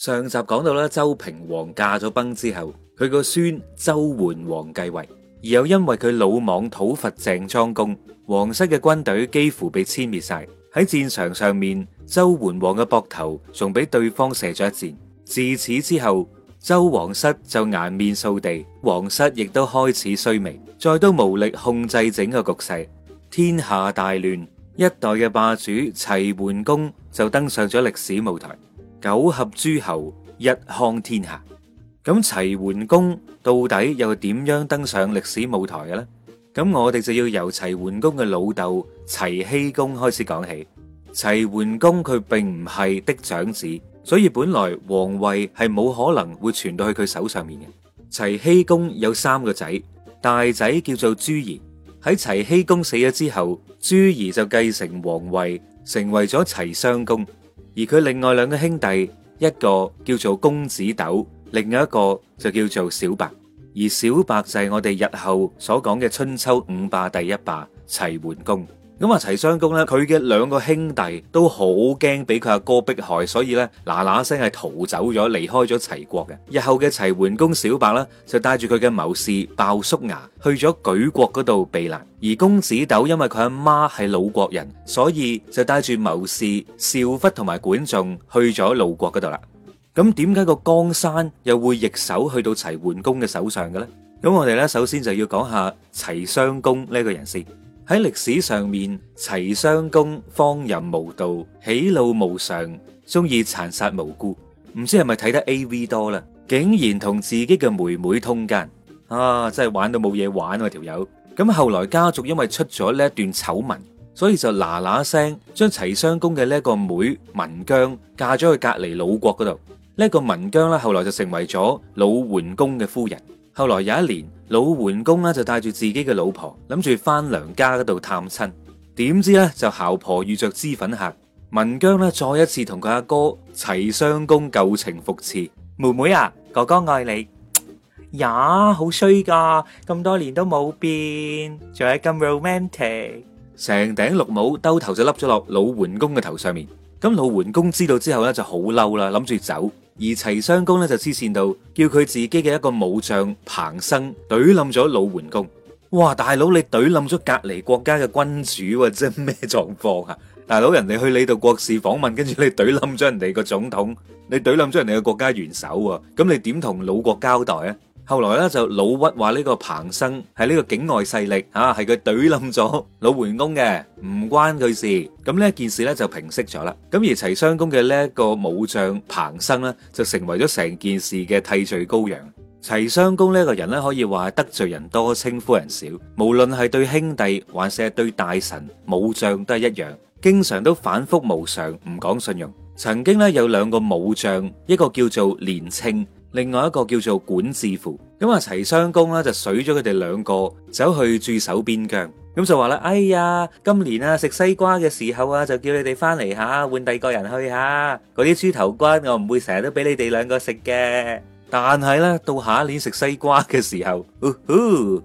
上集講到啦，周平王駕咗崩之後，佢個孫周桓王繼位，而又因為佢魯莽討伐鄭莊公，皇室嘅軍隊幾乎被殲滅晒。喺戰場上面，周桓王嘅膊頭仲俾對方射咗一箭。自此之後，周皇室就顏面掃地，皇室亦都開始衰微，再都無力控制整個局勢，天下大亂。一代嘅霸主齊桓公就登上咗歷史舞台。九合諸侯，一匡天下。咁齊桓公到底又點樣登上歷史舞台嘅咧？咁我哋就要由齊桓公嘅老豆齊僖公開始講起。齊桓公佢並唔係嫡長子，所以本來王位係冇可能會傳到去佢手上面嘅。齊僖公有三個仔，大仔叫做諸兒。喺齊僖公死咗之後，諸兒就繼承王位，成為咗齊襄公。而佢另外兩個兄弟，一個叫做公子斗，另外一個就叫做小白。而小白就係我哋日後所講嘅春秋五霸第一霸，齊桓公。咁啊，齊襄公咧，佢嘅兩個兄弟都好驚俾佢阿哥逼害，所以咧，嗱嗱聲係逃走咗，離開咗齊國嘅。日後嘅齊桓公小白啦，就帶住佢嘅謀士鮑叔牙去咗莒國嗰度避難。而公子斗因為佢阿媽係魯國人，所以就帶住謀士少忽同埋管仲去咗魯國嗰度啦。咁點解個江山又會逆手去到齊桓公嘅手上嘅咧？咁我哋咧首先就要講下齊襄公呢個人先。喺歷史上面，齊襄公荒淫無道、喜怒無常，中意殘殺無辜，唔知係咪睇得 AV 多啦，竟然同自己嘅妹妹通姦啊！真係玩到冇嘢玩啊條友！咁後來家族因為出咗呢一段醜聞，所以就嗱嗱聲將齊襄公嘅呢一個妹文姜嫁咗去隔籬魯國嗰度。呢一個文姜咧，後來就成為咗魯桓公嘅夫人。後來有一年，老桓公就帶住自己嘅老婆，諗住返娘家嗰度探親。點知呢，就姣婆遇着脂粉客。文姜再一次同佢阿哥齊相公舊情復熾。妹妹，哥哥愛你，呀，好衰噶。而齊襄公咧就黐綫到，叫佢自己嘅一個武將彭生懟冧咗魯桓公。哇，大佬你懟冧咗隔籬國家嘅君主啊，即係咩狀況啊？大佬人哋去你度國事訪問，跟住你懟冧咗人哋個總統，你懟冧咗人哋嘅國家元首啊？咁你點同魯國交代啊？後來呢，就另外一個叫做管治符。咁啊，齊襄公咧就水咗佢哋兩個走去駐守邊疆，咁就話啦：哎呀，今年啊食西瓜嘅時候啊，就叫你哋翻嚟下換第二個人去下，嗰啲豬頭骨我唔會成日都俾你哋兩個食嘅。但係咧到下一年食西瓜嘅時候，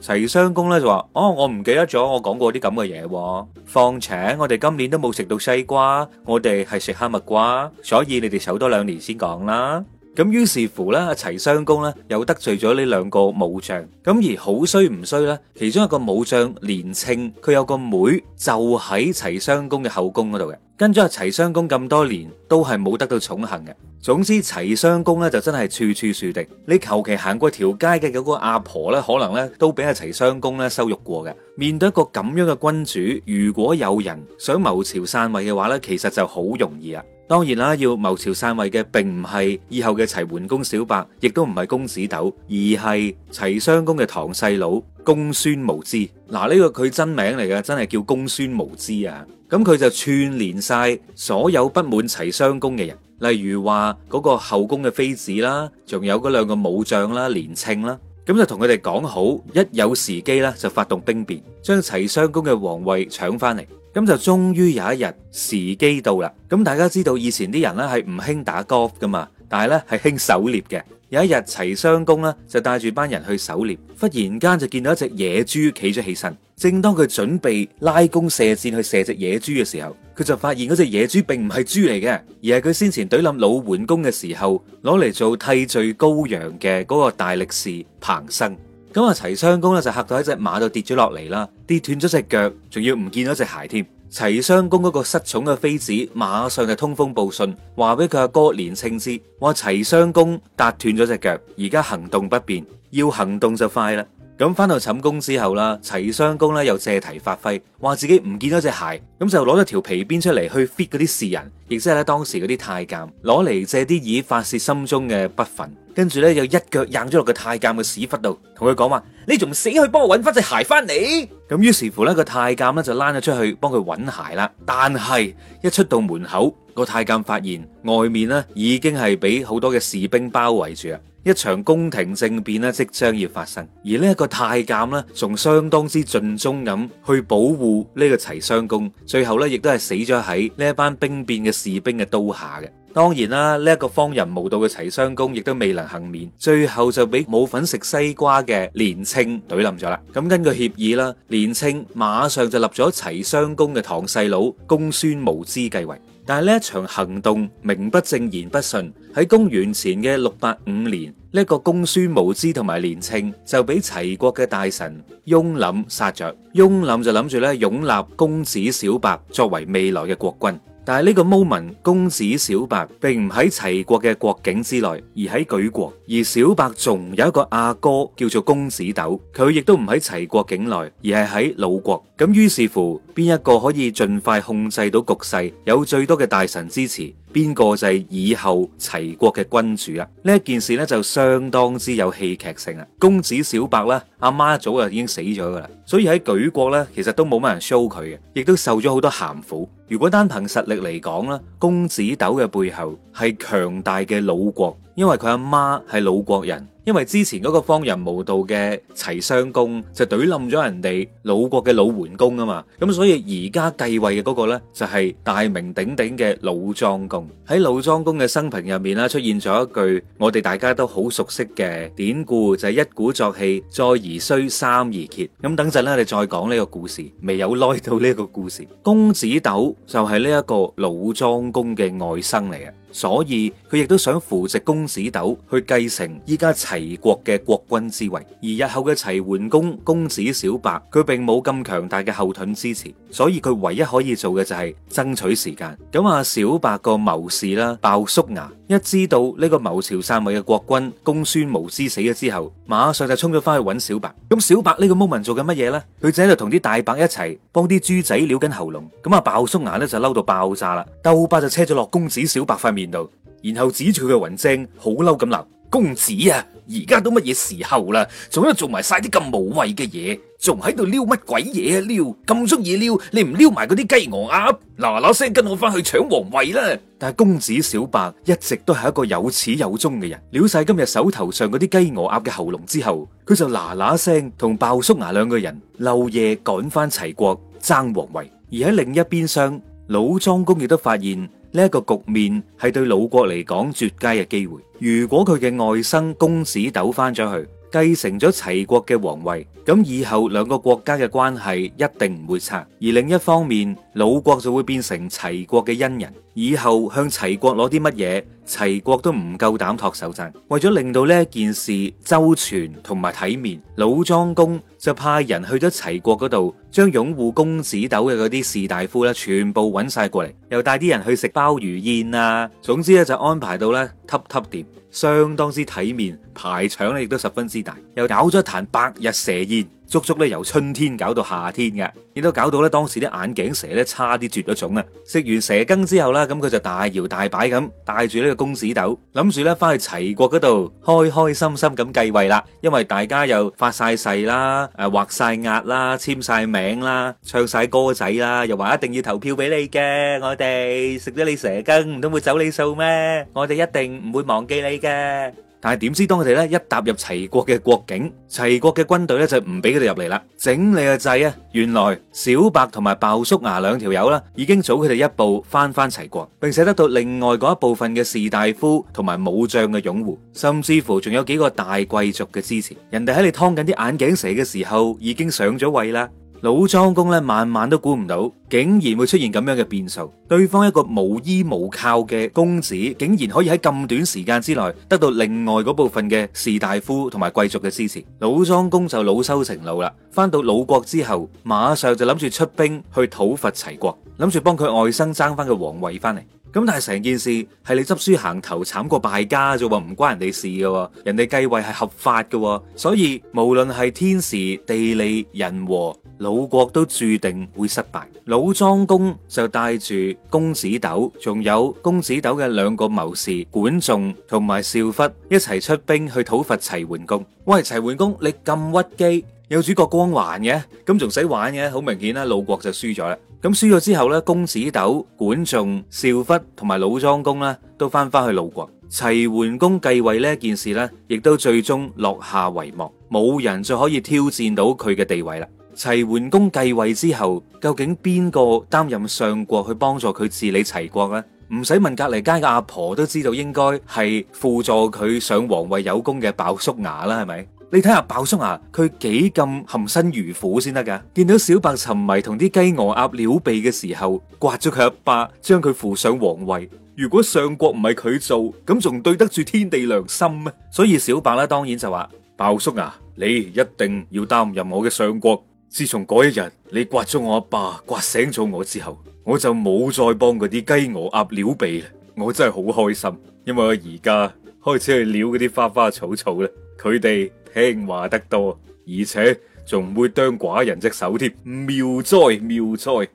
齊襄公咧就話：哦，我唔記得咗我講過啲咁嘅嘢喎。況且我哋今年都冇食到西瓜，我哋係食哈密瓜，所以你哋守多兩年先講啦。咁於是乎咧，齊襄公咧又得罪咗呢兩個武將。咁而好衰唔衰咧，其中一個武將連稱，佢有個妹就喺齊襄公嘅後宮嗰度嘅，跟住阿齊襄公咁多年，都係冇得到寵幸嘅。總之，齊襄公咧就真係處處樹敵。你求其行過條街嘅嗰個阿婆咧，可能咧都俾阿齊襄公咧羞辱過嘅。面對一個咁樣嘅君主，如果有人想謀朝篡位嘅話咧，其實就好容易啊。當然啦，啊，要謀朝篡位嘅，並唔係以後嘅齊桓公小白，亦都唔係公子鬥，而係齊襄公嘅堂細佬公孫無知。嗱，啊，呢，這個佢真名嚟嘅，真係叫公孫無知啊。咁，啊，佢就串聯晒所有不滿齊襄公嘅人。例如話嗰個後宮嘅妃子啦，仲有嗰兩個武將啦、連稱啦，咁就同佢哋講好，一有時機咧就發動兵變，將齊襄公嘅皇位搶翻嚟。咁就終於有一日時機到啦。咁大家知道以前啲人咧係唔興打 golf 噶嘛，但係咧係興狩獵嘅。有一日，齊襄公呢就帶住班人去狩獵，忽然間就見到一隻野豬企咗起身。正當佢準備拉弓射箭去射隻野豬嘅時候，佢就發現嗰隻野豬並唔係豬嚟嘅，而係佢先前懟冧老桓公嘅時候攞嚟做替罪羔羊嘅嗰個大力士彭生。咁啊，齊襄公呢就吓到喺隻馬度跌咗落嚟啦，跌斷咗隻腳，仲要唔見咗隻鞋添。齊襄公嗰個失寵嘅妃子，馬上就通風報信，話俾佢阿哥連稱知，話齊襄公踏斷咗隻腳，而家行動不便，要行動就快啦。咁翻到寢宮之後啦，齊襄公咧又借題發揮，話自己唔見咗隻鞋，咁就攞咗條皮鞭出嚟去 fit 嗰啲士人，亦即係咧當時嗰啲太監，攞嚟借啲以發洩心中嘅不忿。跟住咧，就一腳掟咗落個太監嘅屎忽度，同佢講話：你仲死去幫我搵翻隻鞋翻嚟？咁於是乎呢個太監呢，就躝咗出去幫佢搵鞋啦。但係一出到門口，個太監發現外面呢已經係俾好多嘅士兵包圍住啦，一場宮廷政變呢，即將要發生。而呢一個太監呢，仲相當之盡忠咁去保護呢個齊襄公，最後呢亦都係死咗喺呢一班兵變嘅士兵嘅刀下嘅。當然啦，呢一個荒淫無道嘅齊襄公亦都未能幸免，最後就俾冇份食西瓜嘅年青懟冧咗啦。咁根據協議啦，年青馬上就立咗齊襄公嘅堂細佬公孫無知繼位。但係呢一場行動名不正言不順，喺公元前嘅六百五年，呢一個公孫無知同埋年青就俾齊國嘅大臣雍廩殺咗。雍廩就諗住咧擁立公子小白作為未來嘅國君。但係呢個 moment 公子小白並唔喺齊國嘅國境之內，而喺莒國。而小白仲有一個阿哥叫做公子斗，佢亦都唔喺齊國境內，而係喺魯國。咁於是乎，邊一個可以盡快控制到局勢，有最多嘅大臣支持？邊個就係以後齊國嘅君主啊？呢一件事呢，就相當之有戲劇性啊！公子小白咧，阿媽一早就已經死咗噶啦，所以喺莒國呢，其實都冇乜人 show 佢嘅，亦都受咗好多咸苦。如果單憑實力嚟講咧，公子糾嘅背後係強大嘅魯國。因為佢阿媽係魯國人，因為之前嗰個荒淫無道嘅齊桓公就懟冧咗人哋魯國嘅魯桓公啊嘛，咁、嗯、所以而家繼位嘅嗰個呢，就係、是、大名鼎鼎嘅魯莊公。喺魯莊公嘅生平入面啦，出現咗一句我哋大家都好熟悉嘅典故，就係、是、一鼓作氣，再而衰，三而竭。咁、嗯、等陣咧，我哋再講呢個故事。未有耐到呢個故事，公子斗就係呢一個魯莊公嘅外甥嚟嘅。所以佢亦都想扶植公子斗去繼承依家齊國嘅國君之位，而日後嘅齊桓公公子小白佢並冇咁強大嘅後盾支持，所以佢唯一可以做嘅就係爭取時間。咁啊小白個謀士啦鮑叔牙，一知道呢個謀朝篡位嘅國君公孫無知死咗之後，馬上就衝咗翻去揾小白。咁小白呢個 moment 做緊乜嘢咧？佢就喺度同啲大伯一齊幫啲豬仔撩緊喉嚨。咁啊鮑叔牙咧就嬲到爆炸啦，兜巴就車咗落公子小白塊面。面度，然後指住佢嘅魂精，好嬲咁鬧公子啊！而家都乜嘢時候啦？仲要做埋晒啲咁無謂嘅嘢，仲喺度撩乜鬼嘢啊撩？咁中意撩，你唔撩埋嗰啲雞鵝鴨，嗱嗱聲跟我翻去搶皇位啦！但係公子小白一直都係一個有始有終嘅人，撩晒今日手頭上嗰啲雞鵝鴨嘅喉嚨之後，佢就嗱嗱聲同鮑叔牙兩個人，漏夜趕翻齊國爭皇位。而喺另一邊廂，老莊公亦都發現。呢一個局面係對魯國嚟講絕佳嘅機會。如果佢嘅外甥公子斗返咗去，繼承咗齊國嘅皇位，咁以後兩個國家嘅關係一定唔會差。而另一方面，魯國就會變成齊國嘅恩人，以後向齊國攞啲乜嘢？齊國都唔夠膽托手踭，為咗令到呢件事周全同埋體面，魯莊公就派人去咗齊國嗰度，將擁護公子豆嘅嗰啲士大夫咧，全部揾晒過嚟，又帶啲人去食鮑魚宴啊，總之咧就安排到咧，吸吸掂，相當之體面，排場咧亦都十分之大，又搞咗一壇白日蛇宴。足足咧由春天搞到夏天嘅，亦都搞到咧當時啲眼鏡蛇咧差啲絕咗種啊！食完蛇羹之後咧，咁佢就大搖大擺咁帶住呢個公子豆，諗住咧翻去齊國嗰度開開心心咁繼位啦。因為大家又發晒誓啦，誒畫晒押啦，簽晒名啦，唱晒歌仔啦，又話一定要投票俾你嘅，我哋食咗你蛇羹唔通會走你數咩？我哋一定唔會忘記你嘅。但係點知當佢哋咧一踏入齊國嘅國境，齊國嘅軍隊咧就唔俾佢哋入嚟啦，整理個掣啊！原來小白同埋鮑叔牙兩條友啦，已經早佢哋一步返返齊國，並且得到另外嗰一部分嘅士大夫同埋武將嘅擁護，甚至乎仲有幾個大貴族嘅支持。人哋喺你劏緊啲眼鏡蛇嘅時候，已經上咗位啦。老莊公咧，萬萬都估唔到，竟然會出現咁樣嘅變數。對方一個無依無靠嘅公子，竟然可以喺咁短時間之內，得到另外嗰部分嘅士大夫同埋貴族嘅支持。老莊公就惱羞成怒啦，翻到魯國之後，馬上就諗住出兵去討伐齊國，諗住幫佢外甥爭翻個皇位翻嚟。咁但係成件事係你執輸行頭慘過敗家啫喎，唔關人哋事噶，人哋繼位係合法噶，所以無論係天時地利人和，魯國都注定會失敗。魯莊公就帶住公子斗，仲有公子斗嘅兩個謀士管仲同埋少忽一齊出兵去討伐齊桓公。喂，齊桓公你咁屈機有主角光環嘅，咁仲使玩嘅？好明顯啦，魯國就輸咗啦。咁輸咗之後咧，公子糾、管仲、召忽同埋魯莊公咧，都返返去魯國。齊桓公繼位呢一件事咧，亦都最終落下帷幕，冇人再可以挑戰到佢嘅地位啦。齊桓公繼位之後，究竟邊個擔任上國去幫助佢治理齊國咧？唔使問隔籬街嘅阿婆都知道，應該係輔助佢上皇位有功嘅鮑叔牙啦，係咪？你睇下鮑叔牙啊，佢幾咁含辛茹苦先得噶！見到小白沉迷同啲雞鵝鴨鳥鼻嘅時候，刮咗佢阿爸，將佢扶上皇位。如果相國唔係佢做，咁仲對得住天地良心咩？所以小白啦，當然就話：鮑叔牙啊，你一定要擔任我嘅相國。自從嗰一日你刮咗我阿爸，爸，刮醒咗我之後，我就冇再幫嗰啲雞鵝鴨鳥鼻。我真係好開心，因為我而家。開始去撩嗰啲花花草草啦，佢哋聽話得多，而且仲會當寡人隻手添。妙哉妙哉。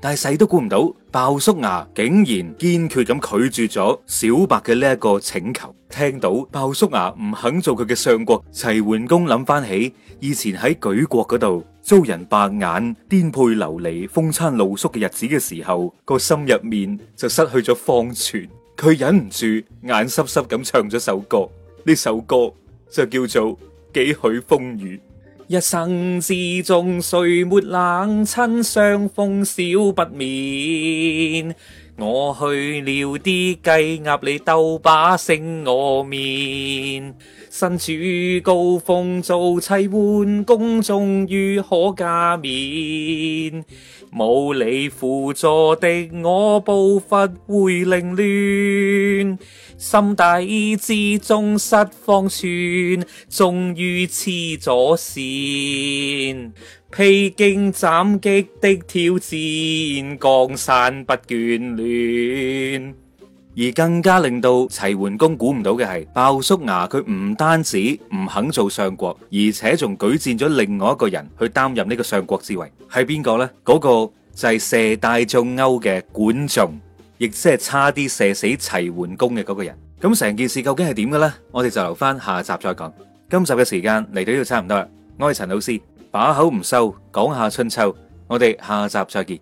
但係細都估唔到，鮑叔牙竟然堅決咁拒絕咗小白嘅呢一個請求。聽到鮑叔牙唔肯做佢嘅相國，齊桓公諗翻起以前喺舉國嗰度遭人白眼、顛沛流離、風餐露宿嘅日子嘅時候，個心入面就失去咗方寸。佢忍唔住眼濕濕咁唱咗首歌，呢首歌就叫做《幾許風雨》，一生之中誰沒冷親相逢少不免。我去了啲雞鴨，計計你鬥把勝我面。身處高峰做棄換，換工，終於可加冕。冇你輔助的我步伐會凌亂，心底之中失方寸，終於痴咗線。披荊斬棘的挑戰，江山不眷戀。而更加令到齊桓公估唔到嘅係，鮑叔牙佢唔單止唔肯做相國，而且仲舉薦咗另外一個人去擔任呢個相國之位。係邊個呢？嗰個，就係射大眾鈎嘅管仲，亦即係差啲射死齊桓公嘅嗰個人。咁成件事究竟係點嘅呢？我哋就留返下集再講。今集嘅時間，嚟到呢度差唔多啦。我係陳老師。把口唔收，講下春秋，我哋下集再見。